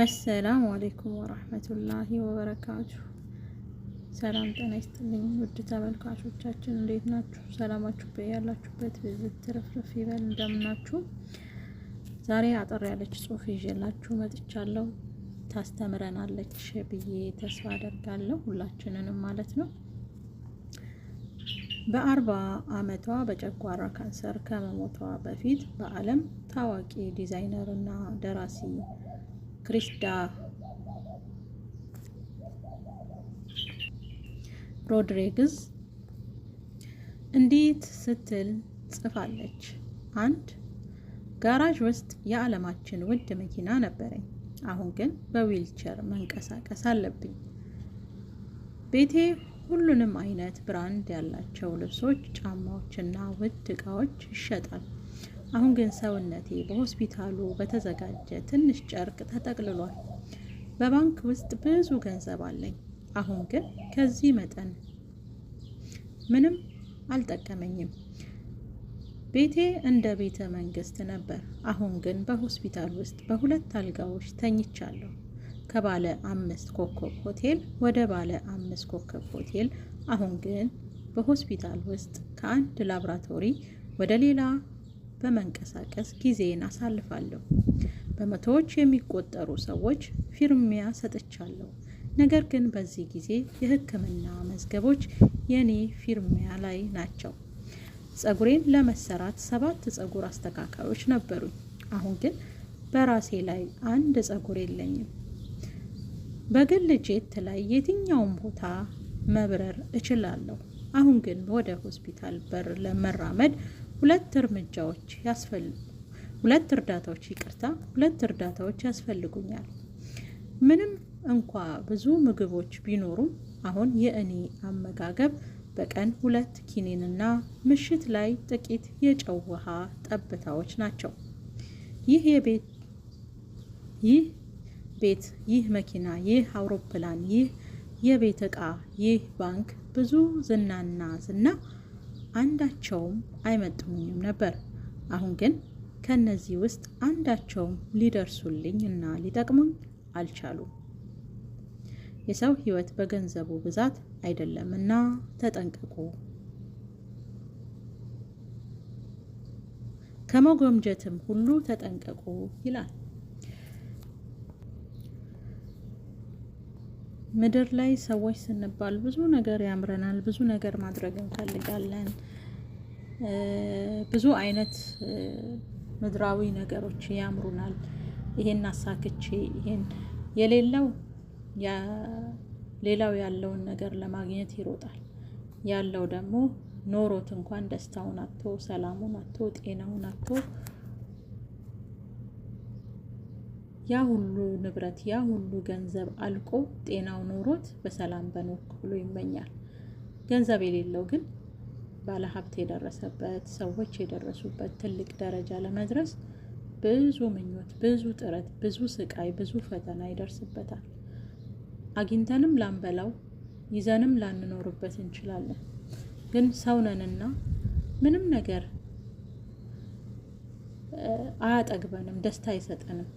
አሰላሙ አሌይኩም ወረህመቱላሂ ወበረካቱ። ሰላም ጤና ይስጥልኝ ውድ ተመልካቾቻችን እንዴት ናችሁ? ሰላማችሁ ያላችሁበት ብዝት ትርፍርፍ ይበል። እንደምናችሁ። ዛሬ አጠር ያለች ጽሑፍ ይዤላችሁ መጥቻለሁ። ታስተምረናለች ብዬ ተስፋ አደርጋለሁ፣ ሁላችንንም ማለት ነው። በአርባ ዓመቷ በጨጓራ ካንሰር ከመሞቷ በፊት በዓለም ታዋቂ ዲዛይነር እና ደራሲ ክሪስዳ ሮድሪግዝ እንዴት ስትል ጽፋለች። አንድ ጋራዥ ውስጥ የዓለማችን ውድ መኪና ነበረኝ። አሁን ግን በዊልቸር መንቀሳቀስ አለብኝ። ቤቴ ሁሉንም አይነት ብራንድ ያላቸው ልብሶች፣ ጫማዎችና ውድ ዕቃዎች ይሸጣል። አሁን ግን ሰውነቴ በሆስፒታሉ በተዘጋጀ ትንሽ ጨርቅ ተጠቅልሏል። በባንክ ውስጥ ብዙ ገንዘብ አለኝ። አሁን ግን ከዚህ መጠን ምንም አልጠቀመኝም። ቤቴ እንደ ቤተ መንግስት ነበር። አሁን ግን በሆስፒታል ውስጥ በሁለት አልጋዎች ተኝቻለሁ። ከባለ አምስት ኮከብ ሆቴል ወደ ባለ አምስት ኮከብ ሆቴል። አሁን ግን በሆስፒታል ውስጥ ከአንድ ላብራቶሪ ወደ ሌላ በመንቀሳቀስ ጊዜን አሳልፋለሁ። በመቶዎች የሚቆጠሩ ሰዎች ፊርሚያ ሰጥቻለሁ። ነገር ግን በዚህ ጊዜ የሕክምና መዝገቦች የኔ ፊርሚያ ላይ ናቸው። ጸጉሬን ለመሰራት ሰባት ጸጉር አስተካካዮች ነበሩኝ። አሁን ግን በራሴ ላይ አንድ ጸጉር የለኝም። በግል ጄት ላይ የትኛውም ቦታ መብረር እችላለሁ። አሁን ግን ወደ ሆስፒታል በር ለመራመድ ሁለት እርምጃዎች ያስፈልጉ ሁለት እርዳታዎች ይቅርታ፣ ሁለት እርዳታዎች ያስፈልጉኛል። ምንም እንኳ ብዙ ምግቦች ቢኖሩም አሁን የእኔ አመጋገብ በቀን ሁለት ኪኒንና ምሽት ላይ ጥቂት የጨው ውሃ ጠብታዎች ናቸው። ይህ የቤት ይህ ቤት፣ ይህ መኪና፣ ይህ አውሮፕላን፣ ይህ የቤት ዕቃ፣ ይህ ባንክ ብዙ ዝናና ዝና አንዳቸውም አይመጥኑኝም ነበር። አሁን ግን ከእነዚህ ውስጥ አንዳቸውም ሊደርሱልኝ እና ሊጠቅሙኝ አልቻሉም። የሰው ሕይወት በገንዘቡ ብዛት አይደለም እና ተጠንቀቁ። ከመጎምጀትም ሁሉ ተጠንቀቁ ይላል። ምድር ላይ ሰዎች ስንባል ብዙ ነገር ያምረናል፣ ብዙ ነገር ማድረግ እንፈልጋለን። ብዙ አይነት ምድራዊ ነገሮች ያምሩናል። ይሄን አሳክቼ ይሄን የሌለው ሌላው ያለውን ነገር ለማግኘት ይሮጣል። ያለው ደግሞ ኖሮት እንኳን ደስታውን አቶ ሰላሙን አቶ ጤናውን አቶ ያ ሁሉ ንብረት ያ ሁሉ ገንዘብ አልቆ ጤናው ኖሮት በሰላም በኖክ ብሎ ይመኛል። ገንዘብ የሌለው ግን ባለሀብት የደረሰበት ሰዎች የደረሱበት ትልቅ ደረጃ ለመድረስ ብዙ ምኞት፣ ብዙ ጥረት፣ ብዙ ስቃይ፣ ብዙ ፈተና ይደርስበታል። አግኝተንም ላንበላው ይዘንም ላንኖርበት እንችላለን። ግን ሰውነንና ምንም ነገር አያጠግበንም፣ ደስታ አይሰጠንም።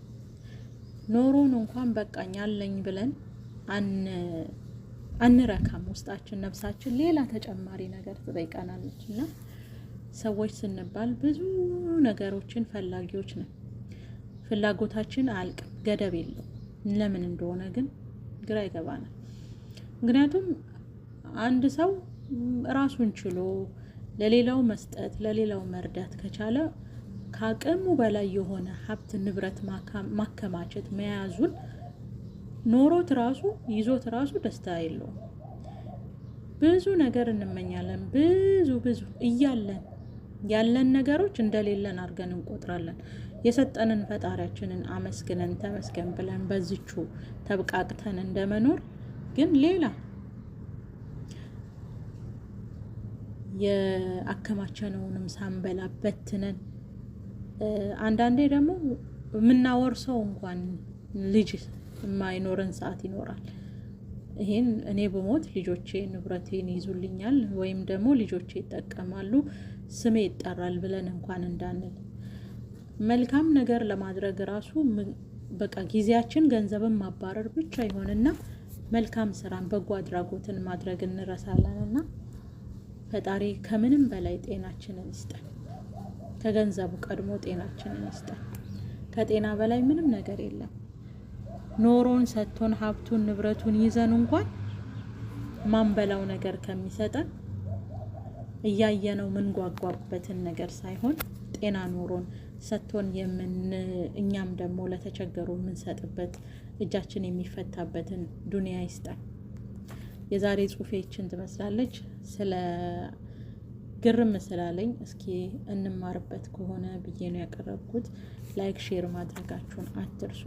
ኖሮን እንኳን በቃኝ አለኝ ብለን አንረካም። ውስጣችን ነፍሳችን ሌላ ተጨማሪ ነገር ትጠይቀናለች። እና ሰዎች ስንባል ብዙ ነገሮችን ፈላጊዎች ነን። ፍላጎታችን አያልቅም፣ ገደብ የለው። ለምን እንደሆነ ግን ግራ ይገባናል። ምክንያቱም አንድ ሰው ራሱን ችሎ ለሌላው መስጠት ለሌላው መርዳት ከቻለ ከአቅሙ በላይ የሆነ ሀብት ንብረት ማከማቸት መያዙን ኖሮት ራሱ ይዞት ራሱ ደስታ የለውም። ብዙ ነገር እንመኛለን። ብዙ ብዙ እያለን ያለን ነገሮች እንደሌለን አድርገን እንቆጥራለን። የሰጠንን ፈጣሪያችንን አመስግነን ተመስገን ብለን በዝቹ ተብቃቅተን እንደመኖር ግን ሌላ የአከማቸነውንም ሳንበላ በትነን አንዳንዴ ደግሞ የምናወርሰው እንኳን ልጅ የማይኖረን ሰዓት ይኖራል። ይሄን እኔ በሞት ልጆቼ ንብረቴን ይዙልኛል ወይም ደግሞ ልጆቼ ይጠቀማሉ፣ ስሜ ይጠራል ብለን እንኳን እንዳንል መልካም ነገር ለማድረግ ራሱ በቃ ጊዜያችን ገንዘብን ማባረር ብቻ ይሆንና መልካም ስራን በጎ አድራጎትን ማድረግ እንረሳለን እና ፈጣሪ ከምንም በላይ ጤናችንን ይስጠን። ከገንዘቡ ቀድሞ ጤናችንን ይስጠን። ከጤና በላይ ምንም ነገር የለም። ኖሮን ሰጥቶን ሀብቱን ንብረቱን ይዘን እንኳን ማንበላው ነገር ከሚሰጠን እያየነው ምንጓጓበትን ነገር ሳይሆን ጤና ኖሮን ሰጥቶን የምን እኛም ደግሞ ለተቸገሩ የምንሰጥበት እጃችን የሚፈታበትን ዱንያ ይስጠን። የዛሬ ጽሁፌችን ትመስላለች ስለ ግርም ስላለኝ እስኪ እንማርበት ከሆነ ብዬ ነው ያቀረብኩት። ላይክ ሼር ማድረጋችሁን አትርሱ።